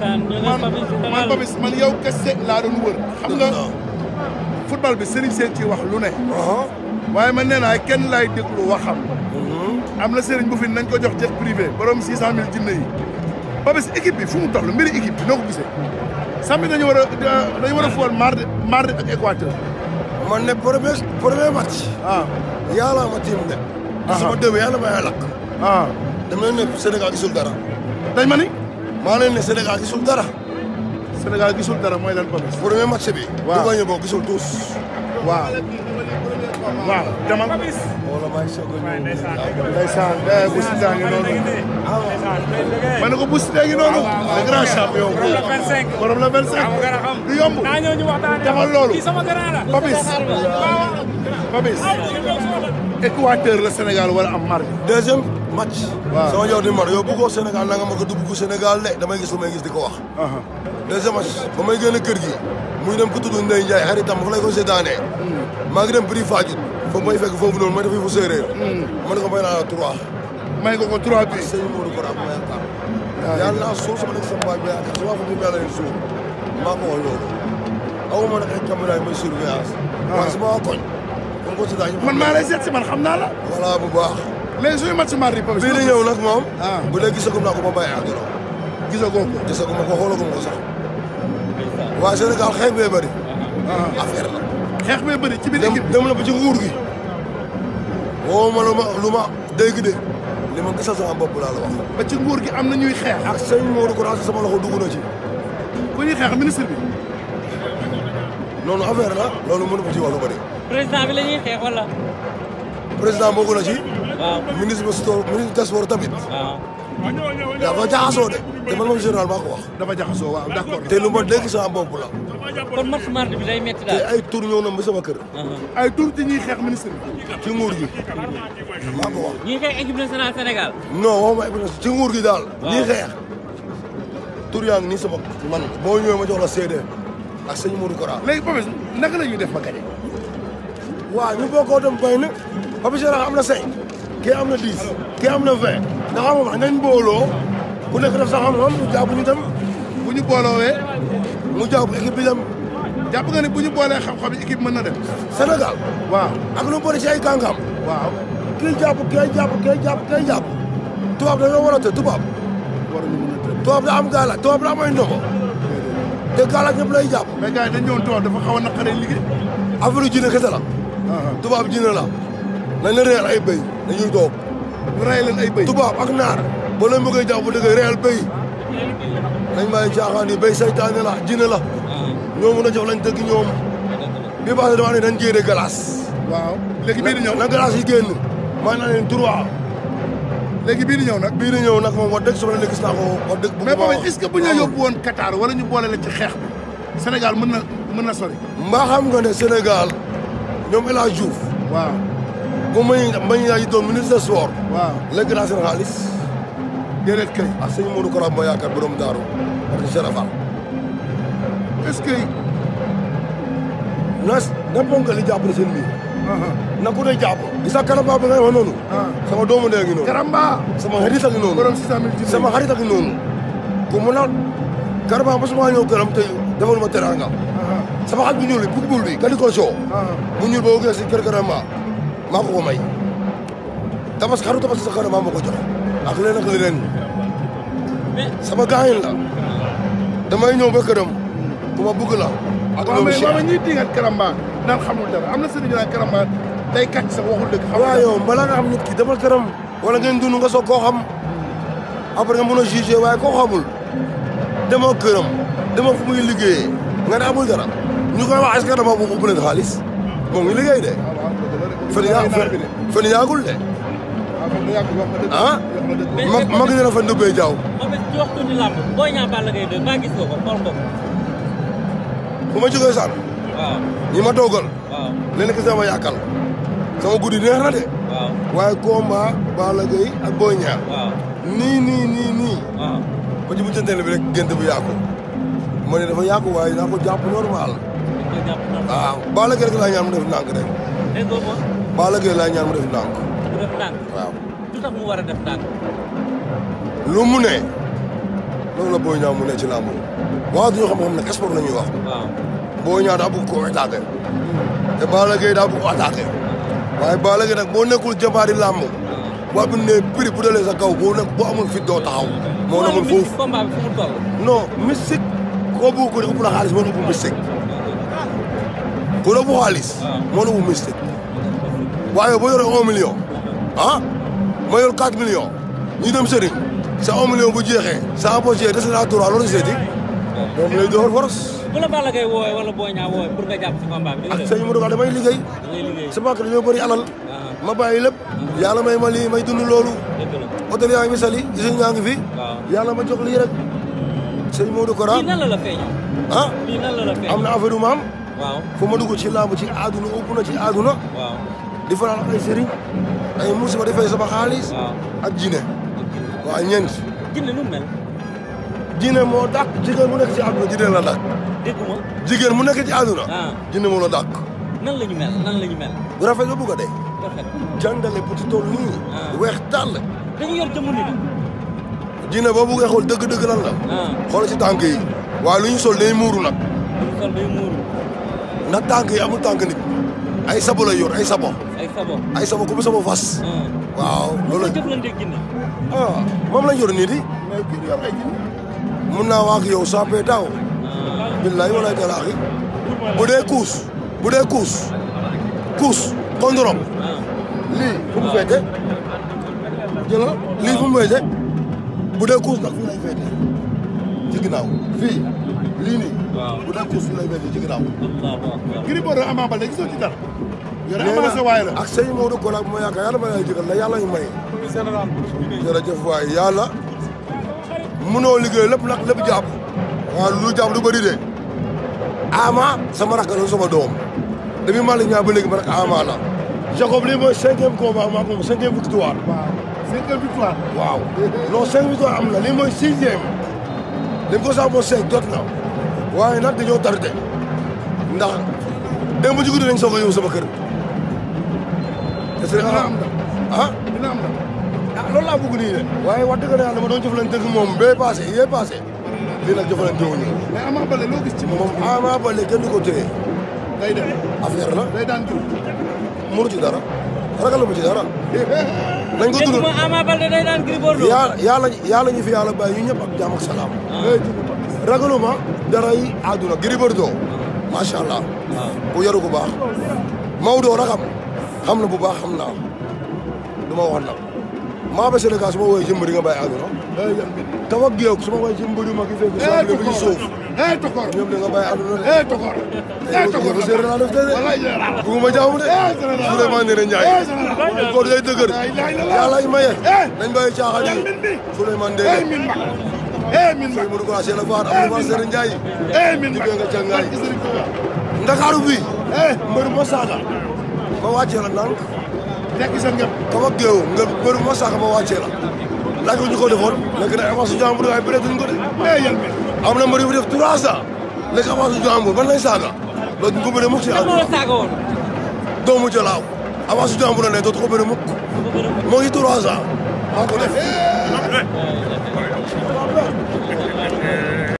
man Papis man yow kese laa doon wër xam nga football bi sëriñ seen ciy wax lu ne waaye man nee naa kenn laay déglu waxam am na sëriñ bu fi nañ ko jox jet privé borom six cent mille jinne yi Papis équipe bi fu mu toll mbiri équipe bi noo ko gisee samedi dañu war a dañu war a fool mardi mardi ak Équateur man ne premier premier match ah yàlla ma tiim de sama déw yàlla ma yàlla lakk ah dama ne Sénégal gisul dara dañ ma ni maa leen ne Sénégal gisul dara. Sénégal gisul dara mooy lan Papis. premier match bi. waaw du gañe boo gisul tous waaw. waaw dama. wala maa ngi soog a ñëw. ndeysaan bu si daa ngi noonu. Ah. ko bu si daa le grand champion borom la 25. borom la du yomb. loolu. Papis. Papis. Équateur la Sénégal wala am marge. deuxième match. waaw sama yow di mar yow bëggoo Sénégal nanga ma ko du bëggu Sénégal de damay gis lu may gis di ko wax. deuxième match ba may génn kër gi. muy dem ku tudd Ndeye Ndiaye xaritam fu lay ko seetaanee mm. maa ngi dem prix Fadiouth foofu may fekk foofu noonu may def fu séeréer mm. ma ne ko may naa la trois may ko ko bi sëñ Modou Kora ma yaakaar yàlla naa suuf sama nekk sama baay bi yaakaar sama fa mu yàlla maa ko wax loolu aw ma nag ay caméra yi may surveillance ah. waaye sama waa koñ si man xam naa la voilà bu baax léegi suñu match bi bii di ñëw nag moom ah. bu dee gisagum naa ko ba bàyyi engrais gisagoo ko gisaguma ko xoolaguma ko sax waa Sénégal xeex bee bëri. Ah. affaire la. xeex bee bëri ci biir équipe dem na ba ci nguur gi. woo ma lu ma lu ma dégg de li ma gisal sama bopp laa la wax. ba ci nguur gi am na ñuy xeex. ak sëñ Modou Kourance sama loxo dugg na ci. ku ñuy xeex ministre bi. noonu affaire la loolu mënu ma ci wax lu bëri. président bi la ñuy xeex wala. président bokk na ci. waaw ministre bi sport ministre des sports tamit. waaw. dafa jaxasoo de te man moom général maa ko wax. dafa jaxasoo waaw d'accord te lu ma dégg sama bopp la. kon match mardi bi day métti daal. te ay tour ñëw na ba sama kër. ay tour ci ñuy xeex ministre ci nguur gi. maa ko wax. ñuy xeex équipe ci nguur gi daal. waaw xeex. tour yaa ngi nii sama man boo ñëwee ma jox la CD ak sëñ Modou Kora. léegi Papis naka la ñuy def ba gagné. waaw ñu bokkoo dem bay na Papis Général am na cinq kii am na dix kii am na vingt. ndax xam nga nañ booloo ku nekk def sa xam-xam ñu jàpp ñu tam bu ñu booloowee mu jàpp équipe bi tam jàpp nga ni bu ñu boolee xam-xam yi mën na dem senegal waaw ak lu bëri ay kàngam waaw kii jàpp kee jàpp kee jàpp kee jàpp tubaab dañoo war a të tubaab tubaab da am gaala tubaab da am ay ndoxo gaala ñëpp lay jàpp mais gars yi dañ ñëwoon tubaab dafa xaw a naqaree liggéey affaire yu jinne kese la ah ah. tubaab jinne la la réer ay béy dañuy toog ñu rey leen ay béy. tubaab ak naar ba leen bëggee jàpp bu dëggee reyal béy dañ bàyyi caaxaan yi béy saytaane la jine la ñoo mën a jox lañ dëgg ñoom bi baax dama ne dañ jéere glace. waaw léegi bii di ñëw na glace yi génn maa naa leen trois léegi bii di ñëw nag bii di ñëw nag moom wax dëgg soxla gis naa ko wax dëgg mais boobu est-ce que bu ñu yóbbu woon Qatar ñu boole la ci xeex bi mën na mën na sori mbaaxam xam nga ne Sénégal ñoom El Hadj waa comme Mbaye Niang yi doon ministre des sports. waaw léegi naa seen xaalis. déedéet kay. ak sëñ Modou Kora Mbaye daaru ak Serafal. est-ce que. na na ponk li jàpp na bi uh-huh. nga wax uh-huh. sama doomu ndey ngi noonu. sama xarit ak noonu. ku mu naan Karamba ba su ma ñëw këram tey defal ma teraanga. Uh-huh. sama xarit bu ñuul bi bu ñuul bi. ka di ko soo. si kër Karamba. maa ko ko may tabaski xaru tabaski a xanaa maa ma ko jox ak leneen ak leneen sama la damay ñëw ba këram ku ma bëgg la. ak loolu si waaw mais ñuy diingat Karamba naan xamul dara nga yow balaa nga xam nit ki demal këram. wala ngeen dund nga soog nga mën a dara ñu koy wax est dama bëgg bu xaalis moo ngi liggéey de. fële yaagul de. ah ma ma gis ne fa Ndoumbé Diaw. moom it ma jógee Sane. waaw ñi ma toogal. waaw lenn ki sama yàkkal. sama guddi neex na de. waaw waaye combat Balla Gaye ak Boy Niang. waaw nii nii nii nii. waaw ba ci bu bi rek gént bu yàqu. ma ne dafa yàqu waaye naa ko jàpp normal. waaw Balla Gaye mu def ndànk rek. Balla Gaye laa ñaan mu def ndànk. mu def ndànk waaw. lu tax mu mu ne. loolu la Boy Niang mu ne ci làmb waaw duñu xam-xam nag ñuy wax. waaw Boy Niang daa bëgg koo attaqué. te Balla daa bëgg koo attaqué. waaye Balla Gaye nag boo nekkul jàmbaari làmb. waa xam ne prix bu dalee sa kaw boo nekk boo amul fit doo taxaw. moo amul foofu combat bi fu mu toll. non mystique. koo xaalis moo ëpp mystique. ku la bu xaalis. Ah. moo ëpp mystique. waaye boo yoree un million ah ma yor quatre millions ñu dem sa un million bu jeexee sa apogée des na trois loolu seeti moom lay door force. bu la Balla Gaye woowee wala Boy Niang woowee pour alal. Ah. ma bàyyi lépp. yàlla may ma may dund loolu. hôtel yaa ngi fi sali fi. yàlla ma jox lii rek. sëñ Modou Kora lii nan la la ah. am na affaire yu ma am. fu ma dugg ci làmb ci aaduna ëpp na ci aaduna. di fanaan ak ay sëriñ ay eh, musiba di fay sama xaalis. ak ah. jinne waaw ñeent. jinne nu mel. jinne moo dàq jigéen mu nekk ci àdduna jinne la dàq. dégguma. jigéen mu nekk ci àdduna. jinne ah. moo la dàq. nan la ñu mel nan la ñu mel. bu rafet nga bugg a dee. rafet jàngale bu ci toll nii. Ah. weex tàll. dañu yor jëmm ni jinne boobu nga xool dëgg-dëgg lan la. xool ci tànk yi. waaye lu sol day muuru nag. lu sol day muuru. ndax tànk yi amul tànk nit. ay sabo la yor ay sabo sabon ay sabon ku bu sabon fas hmm. waaw loolu la jëflante ginne ah moom lañ yor nii di hmm. kus, kii yor ay ginne mun naa wax yow sampé daaw billahi wala talaahi bu dee kuus bu dee kuus kuus kondorom lii fu mu féete jëlal lii fu mu bu dee kuus nag fii lay féete ci ginnaaw fii lii nii bu dee kuus fii lay féete ci ginnaaw Gris Bordeaux Ama Baldé gisoo ci dara léegi ak sëñ Maodo Kola bu ma yaakaar yàlla ma lay jëgal la yàlla ñu may. jërëjëf waay yàlla liggéey lépp nag lépp jàpp. waaw lu jàpp du bëri de Ama sama rakk la sama doom depuis Malick Niang ba léegi ma rakk Ama la. Jacob lii mooy cinquième combat maa moom cinquième victoire. waaw cinquième victoire. waaw non am na lii mooy sixième dañ ko sax moom cinq jot na waaye nag dañoo tardé ndax démb ci guddi nañ soog a kër. si rek dina am ndam ah dina am ndam ah loolu laa bëgg nii de waaye wax la yàlla dama doon jëflante ak moom bee passé yee passé lii nag jëflante wuñu mais Ama Baldé loo gis ci moom Ama Baldé kenn du ko téye day dem affaire la day ci dara ragal bu ci dara nañ ko dundal Ama Baldé day daan Gris Bordeaux yàlla yàlla yàlla ñu fi yàlla bàyyi ñu ñëpp ak jàmm ak salaam ah. ragaluma dara yi àdduna Gris Bordeaux macha allah bu ah. yaru ku baax Maodo rakam xam na bu baax xam naa du ma wax nag maa ba Sénégal su ma woowee ci mbir nga bàyyi àdduna. Eh, taw ak géew su ma woowee ci mbir yu mag yi fekk. soo demee ba ci eh, nga bàyyi àdduna de. Eh, tokor tokor la séeréer laa def de de. buguma jaamu de. Souleymane Ndéné Ndiaye. kóor day dëgër. yàlla yi maye. nañ yi. Souleymane Ndéné. min ma mënu ko waa nga Cangaay. Ndakaaru bi. mbër ma saata. ma wàccee la ndànk. tekki sa ngëm. kaw ak géew nga bëri ma saaka ma wàccee la. laaj ko ñu ko defoon. nekk na avance eh, na. am na mbir yu def trois ans. saaga. loolu duñ ko bëree mukk si àdduna. lan moo la saaga woon. doomu Jalaaw. avance su jàmbur la ne dootu ko bëree mukk. moo ngi trois